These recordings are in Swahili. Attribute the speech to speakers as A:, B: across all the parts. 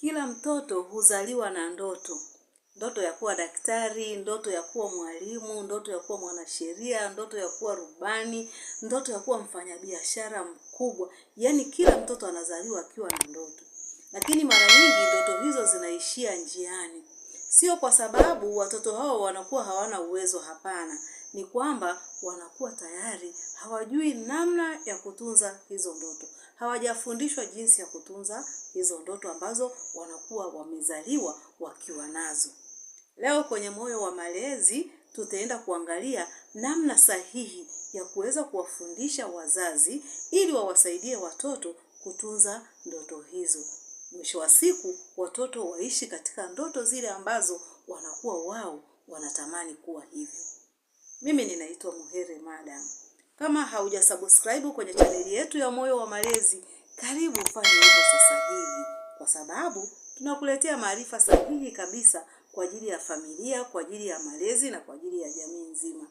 A: Kila mtoto huzaliwa na ndoto, ndoto ya kuwa daktari, ndoto ya kuwa mwalimu, ndoto ya kuwa mwanasheria, ndoto ya kuwa rubani, ndoto ya kuwa mfanyabiashara mkubwa. Yaani kila mtoto anazaliwa akiwa na ndoto, lakini mara nyingi ndoto hizo zinaishia njiani. Sio kwa sababu watoto hao wanakuwa hawana uwezo, hapana, ni kwamba wanakuwa tayari hawajui namna ya kutunza hizo ndoto, hawajafundishwa jinsi ya kutunza hizo ndoto ambazo wanakuwa wamezaliwa wakiwa nazo. Leo kwenye Moyo wa Malezi tutaenda kuangalia namna sahihi ya kuweza kuwafundisha wazazi ili wawasaidie watoto kutunza ndoto hizo. Mwisho wa siku watoto waishi katika ndoto zile ambazo wanakuwa wao wanatamani kuwa hivyo. Mimi ninaitwa Muhere Madam. Kama hauja subscribe kwenye chaneli yetu ya Moyo wa Malezi, karibu ufanye hivyo sasa hivi, kwa sababu tunakuletea maarifa sahihi kabisa kwa ajili ya familia, kwa ajili ya malezi na kwa ajili ya jamii nzima.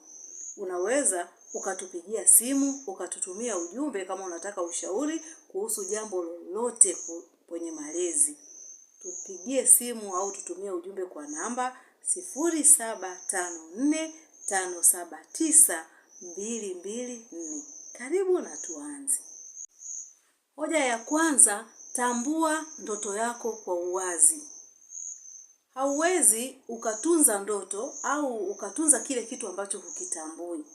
A: Unaweza ukatupigia simu, ukatutumia ujumbe kama unataka ushauri kuhusu jambo lolote kwenye malezi. Tupigie simu au tutumie ujumbe kwa namba 0754 tano saba tisa mbili mbili nne. Karibu na tuanze. Hoja ya kwanza, tambua ndoto yako kwa uwazi. Hauwezi ukatunza ndoto au ukatunza kile kitu ambacho hukitambui.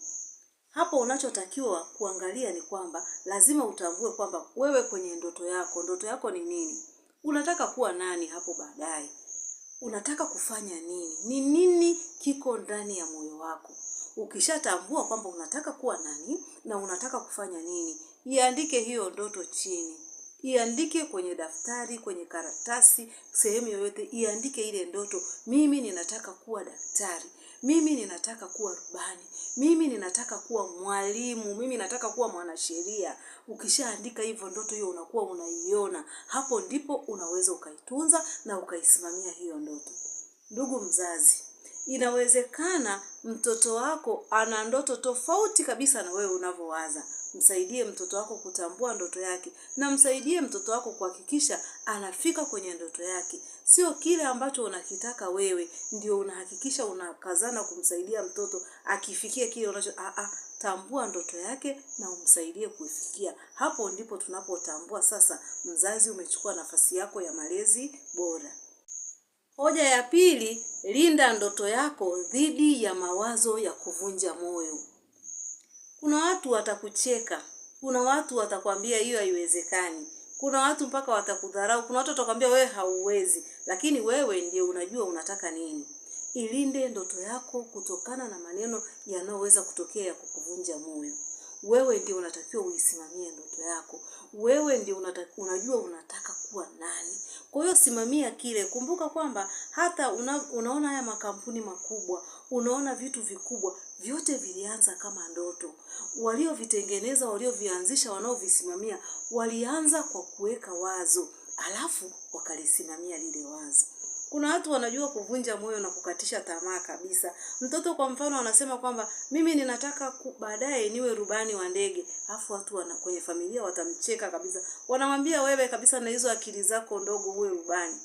A: Hapo unachotakiwa kuangalia ni kwamba lazima utambue kwamba wewe kwenye ndoto yako, ndoto yako ni nini? Unataka kuwa nani hapo baadaye? Unataka kufanya nini? Ni nini kiko ndani ya moyo wako. Ukishatambua kwamba unataka kuwa nani na unataka kufanya nini, iandike hiyo ndoto chini, iandike kwenye daftari, kwenye karatasi, sehemu yoyote, iandike ile ndoto. Mimi ninataka kuwa daktari, mimi ninataka kuwa rubani, mimi ninataka kuwa mwalimu, mimi nataka kuwa mwanasheria. Ukishaandika hivyo ndoto hiyo, unakuwa unaiona. Hapo ndipo unaweza ukaitunza na ukaisimamia hiyo ndoto. Ndugu mzazi, Inawezekana mtoto wako ana ndoto tofauti kabisa na wewe unavyowaza. Msaidie mtoto wako kutambua ndoto yake, na msaidie mtoto wako kuhakikisha anafika kwenye ndoto yake. Sio kile ambacho unakitaka wewe ndio unahakikisha unakazana kumsaidia mtoto akifikia kile unacho. a ah, ah, tambua ndoto yake na umsaidie kuifikia. Hapo ndipo tunapotambua sasa, mzazi, umechukua nafasi yako ya malezi bora. Hoja ya pili, linda ndoto yako dhidi ya mawazo ya kuvunja moyo. Kuna watu watakucheka, kuna watu watakwambia hiyo haiwezekani, kuna watu mpaka watakudharau, kuna watu watakwambia wewe hauwezi, lakini wewe ndio unajua unataka nini. Ilinde ndoto yako kutokana na maneno yanayoweza kutokea ya kukuvunja moyo. Wewe ndio unatakiwa uisimamie ndoto yako, wewe ndio unajua unataka kuwa nani. Kwa hiyo simamia kile. Kumbuka kwamba hata una, unaona haya makampuni makubwa, unaona vitu vikubwa, vyote vilianza kama ndoto. Waliovitengeneza, waliovianzisha, wanaovisimamia walianza kwa kuweka wazo, alafu wakalisimamia lile wazo. Kuna watu wanajua kuvunja moyo na kukatisha tamaa kabisa. Mtoto kwa mfano anasema kwamba mimi ninataka baadaye niwe rubani wa ndege, afu watu wana, kwenye familia watamcheka kabisa, wanamwambia wewe kabisa, na hizo akili zako ndogo, uwe rubani.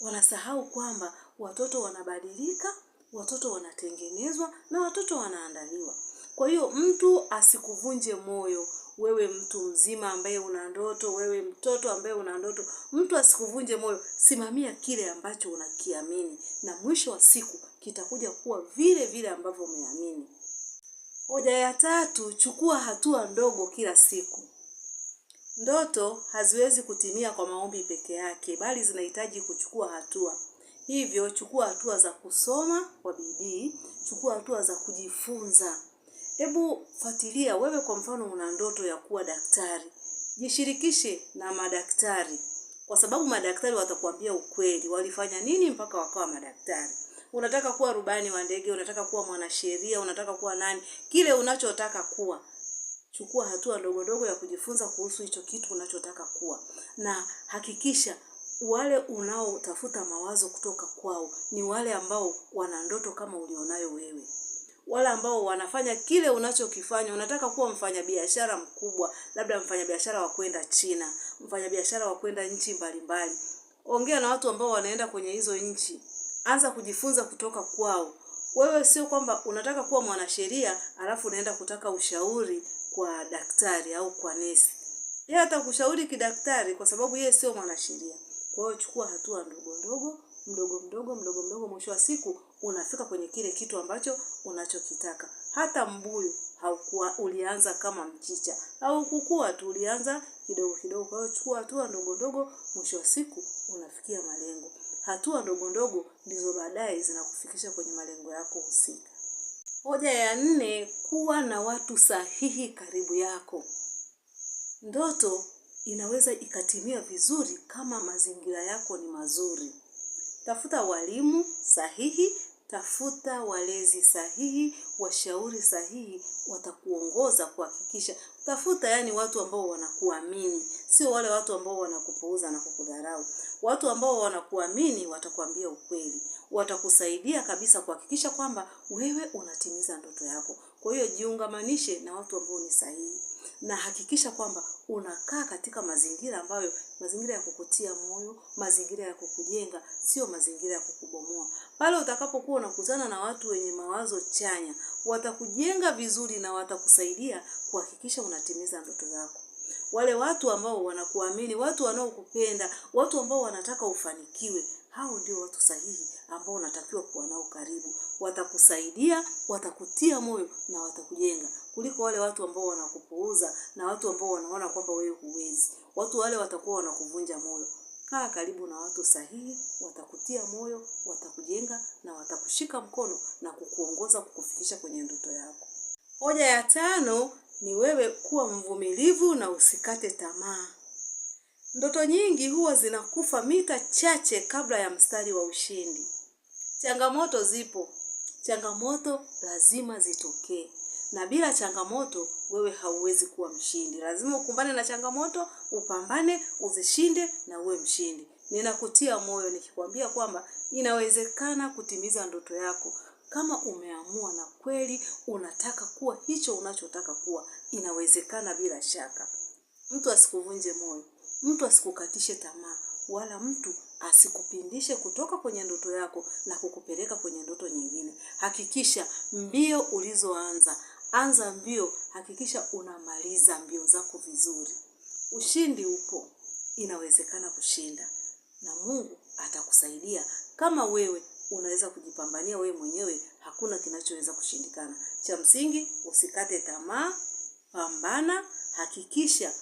A: Wanasahau kwamba watoto wanabadilika, watoto wanatengenezwa na watoto wanaandaliwa. Kwa hiyo mtu asikuvunje moyo wewe mtu mzima ambaye una ndoto, wewe mtoto ambaye una ndoto, mtu asikuvunje moyo. Simamia kile ambacho unakiamini, na mwisho wa siku kitakuja kuwa vile vile ambavyo umeamini. Hoja ya tatu, chukua hatua ndogo kila siku. Ndoto haziwezi kutimia kwa maombi peke yake, bali zinahitaji kuchukua hatua. Hivyo chukua hatua za kusoma kwa bidii, chukua hatua za kujifunza Hebu fuatilia wewe, kwa mfano, una ndoto ya kuwa daktari, jishirikishe na madaktari, kwa sababu madaktari watakuambia ukweli, walifanya nini mpaka wakawa madaktari. Unataka kuwa rubani wa ndege, unataka kuwa mwanasheria, unataka kuwa nani, kile unachotaka kuwa Chukua hatua ndogo ndogo ya kujifunza kuhusu hicho kitu unachotaka kuwa, na hakikisha wale unaotafuta mawazo kutoka kwao ni wale ambao wana ndoto kama ulionayo wewe wale ambao wanafanya kile unachokifanya. Unataka kuwa mfanyabiashara mkubwa, labda mfanyabiashara wa kwenda China, mfanyabiashara wa kwenda nchi mbalimbali, ongea na watu ambao wanaenda kwenye hizo nchi, anza kujifunza kutoka kwao. Wewe sio kwamba unataka kuwa mwanasheria alafu unaenda kutaka ushauri kwa daktari au kwa nesi. Yeye atakushauri kidaktari, kwa sababu yeye sio mwanasheria. Kwa hiyo chukua hatua ndogo ndogo mdogo mdogo mdogo mdogo, mwisho wa siku unafika kwenye kile kitu ambacho unachokitaka. Hata mbuyu haukuwa, ulianza kama mchicha, haukukua tu, ulianza kidogo kidogo. Kwa hiyo chukua hatua ndogo ndogo, mwisho wa siku unafikia malengo. Hatua ndogo ndogo ndizo baadaye zinakufikisha kwenye malengo yako husika. Hoja ya nne, kuwa na watu sahihi karibu yako. Ndoto inaweza ikatimia vizuri kama mazingira yako ni mazuri. Tafuta walimu sahihi, tafuta walezi sahihi, washauri sahihi watakuongoza kuhakikisha. Tafuta yani watu ambao wanakuamini, sio wale watu ambao wanakupuuza na kukudharau. Watu ambao wanakuamini watakwambia ukweli watakusaidia kabisa kuhakikisha kwamba wewe unatimiza ndoto yako. Kwa hiyo jiungamanishe na watu ambao ni sahihi, na hakikisha kwamba unakaa katika mazingira ambayo mazingira ya kukutia moyo, mazingira ya kukujenga, sio mazingira ya kukubomoa. Pale utakapokuwa unakutana na watu wenye mawazo chanya, watakujenga vizuri na watakusaidia kuhakikisha unatimiza ndoto zako. Wale watu ambao wanakuamini, watu wanaokupenda, watu ambao wanataka ufanikiwe, hao ndio watu sahihi ambao unatakiwa kuwa nao karibu. Watakusaidia, watakutia moyo na watakujenga, kuliko wale watu ambao wanakupuuza na watu ambao wanaona kwamba wewe huwezi. Watu wale watakuwa wanakuvunja moyo. Kaa karibu na watu sahihi, watakutia moyo, watakujenga na watakushika mkono na kukuongoza kukufikisha kwenye ndoto yako. Hoja ya tano ni wewe kuwa mvumilivu na usikate tamaa. Ndoto nyingi huwa zinakufa mita chache kabla ya mstari wa ushindi. Changamoto zipo, changamoto lazima zitokee, na bila changamoto wewe hauwezi kuwa mshindi. Lazima ukumbane na changamoto, upambane, uzishinde na uwe mshindi. Ninakutia moyo nikikwambia kwamba inawezekana kutimiza ndoto yako kama umeamua na kweli unataka kuwa hicho unachotaka kuwa. Inawezekana bila shaka. Mtu asikuvunje moyo. Mtu asikukatishe tamaa, wala mtu asikupindishe kutoka kwenye ndoto yako na kukupeleka kwenye ndoto nyingine. Hakikisha mbio ulizoanza, anza mbio, hakikisha unamaliza mbio zako vizuri. Ushindi upo, inawezekana kushinda, na Mungu atakusaidia kama wewe unaweza kujipambania wewe mwenyewe, hakuna kinachoweza kushindikana. Cha msingi usikate tamaa, pambana, hakikisha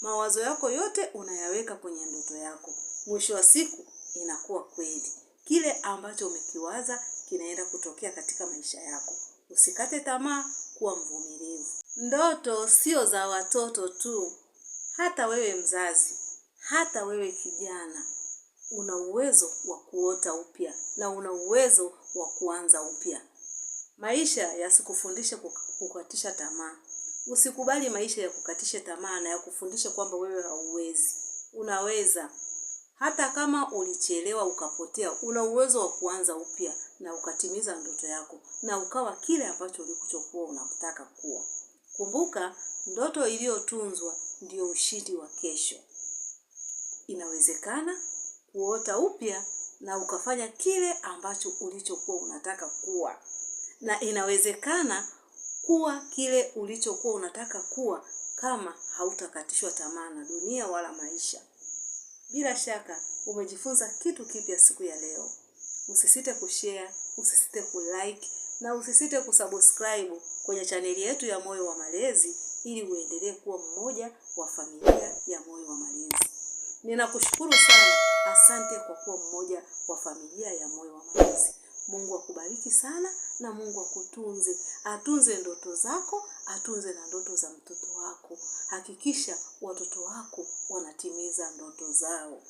A: Mawazo yako yote unayaweka kwenye ndoto yako. Mwisho wa siku inakuwa kweli. Kile ambacho umekiwaza kinaenda kutokea katika maisha yako. Usikate tamaa, kuwa mvumilivu. Ndoto sio za watoto tu. Hata wewe mzazi, hata wewe kijana, una uwezo wa kuota upya na una uwezo wa kuanza upya. Maisha yasikufundishe kukatisha tamaa. Usikubali maisha ya kukatisha tamaa na ya kufundisha kwamba wewe hauwezi. Unaweza. Hata kama ulichelewa ukapotea, una uwezo wa kuanza upya na ukatimiza ndoto yako na ukawa kile ambacho ulichokuwa unataka kuwa. Kumbuka, ndoto iliyotunzwa ndiyo ushindi wa kesho. Inawezekana kuota upya na ukafanya kile ambacho ulichokuwa unataka kuwa, na inawezekana kuwa kile ulichokuwa unataka kuwa kama hautakatishwa tamaa na dunia wala maisha. Bila shaka umejifunza kitu kipya siku ya leo. Usisite kushare, usisite kulike na usisite kusubscribe kwenye chaneli yetu ya Moyo wa Malezi ili uendelee kuwa mmoja wa familia ya Moyo wa Malezi. Ninakushukuru sana. Asante kwa kuwa mmoja wa familia ya Moyo wa Malezi. Mungu akubariki sana na Mungu akutunze. Atunze ndoto zako, atunze na ndoto za mtoto wako. Hakikisha watoto wako wanatimiza ndoto zao.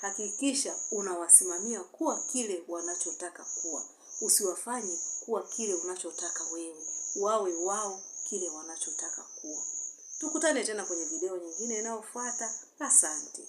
A: Hakikisha unawasimamia kuwa kile wanachotaka kuwa. Usiwafanye kuwa kile unachotaka wewe. Wawe wao kile wanachotaka kuwa. Tukutane tena kwenye video nyingine inayofuata. Asante.